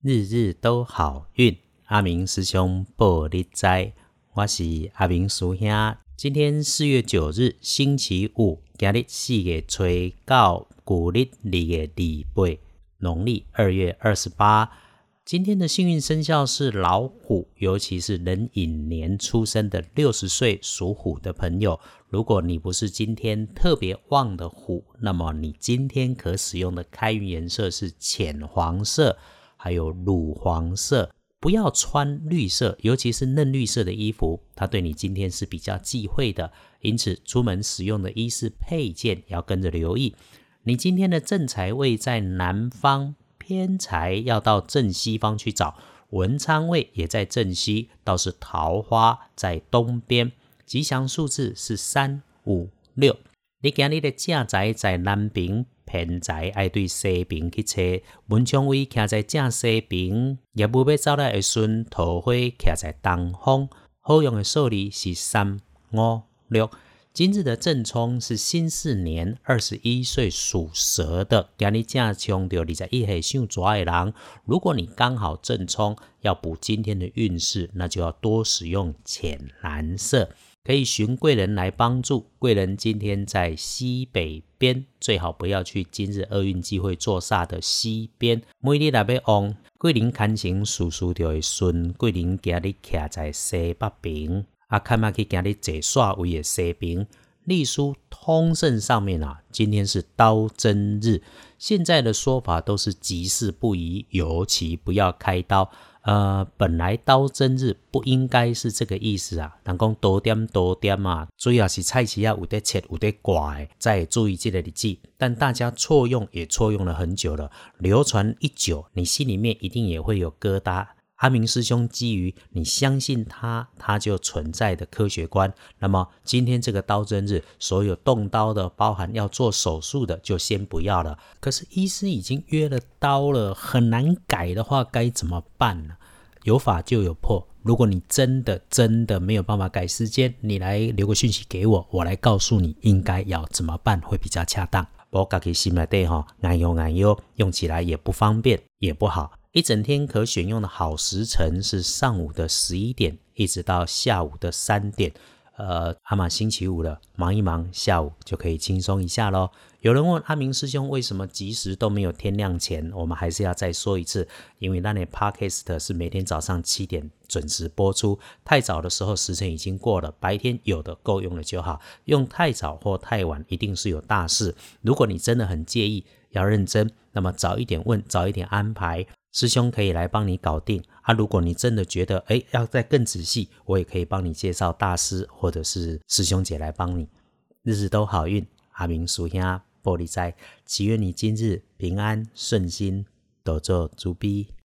日日都好運，阿明師兄報你知。我是阿明師兄。今天四月九日，星期五。今日四月初九古曆二,二月禮拜農曆二月二十八。今天的幸運生肖是老虎，尤其是壬寅年出生的六十歲屬虎的朋友。如果你不是今天特別旺的虎，那麼你今天可使用的開運顏色是淺黃色。還有乳黃色，不要穿綠色，尤其是嫩綠色的衣服，它對你今天是比較忌諱的。因此，出門使用的衣飾配件要跟着留意。你今天的正財位在南方，偏財要到正西方去找，文昌位也在正西，倒是桃花在東邊。吉祥數字是三五六。你今日的正財在南平，偏財，要對西平去找文昌位徛在正西邊，業務要走來時陣，桃花徛在東方。好用的數字是三、五、六。今日的正沖是辛巳年二十一歲屬蛇的，今天你正沖着二十一歲屬蛇的人。如果你剛好正沖，要補今天的運勢，那就要多使用淺藍色，可以尋貴人來幫助。貴人今天在西北邊，最好不要去今日厄運機會坐煞的西邊。每日台北往桂林看星屬屬着的孫，貴人今日徛在西北邊。啊，看麥去今日儕煞位的水病曆書通勝上面啊，今天是刀砧日。現在的說法都是諸事不宜，尤其不要開刀。呃，本來刀砧日不應該是這個意思啊，人講多點多點嘛、啊。主要是菜市要有的切，有得拐的刮再注意這個日子。但大家錯用也錯用了很久了，流傳已久，你心裡面一定也會有疙瘩。阿明師兄基於你相信他，他就存在的科學觀。那麼今天這個刀針日，所有動刀的，包含要做手術的，就先不要了。可是醫師已經約了刀了，很難改的話，該怎麼辦呢？有法就有破。如果你真的真的沒有辦法改時間，你來留個訊息給我，我來告訴你應該要怎麼辦，會比較恰當。我家己心裡底吼，硬用硬用，用起來也不方便，也不好。一整天可選用的好時辰是上午的十一點，一直到下午的三點。呃，阿、啊、瑪星期五了，忙一忙，下午就可以輕鬆一下嘍。有人問阿明師兄為什麼吉時都沒有天亮前？我們還是要再說一次，因為那你的 podcast 是每天早上七點準時播出。太早的時候時辰已經過了，白天有的夠用了就好。用太早或太晚一定是有大事。如果你真的很介意，要認真，那麼早一點問，早一點安排。師兄可以來幫你搞定啊！如果你真的覺得誒，要再更仔細，我也可以幫你介紹大師或者是師兄姐來幫你。日子都好運，阿明師兄玻璃齋，祈願你今日平安順心，多做珠逼。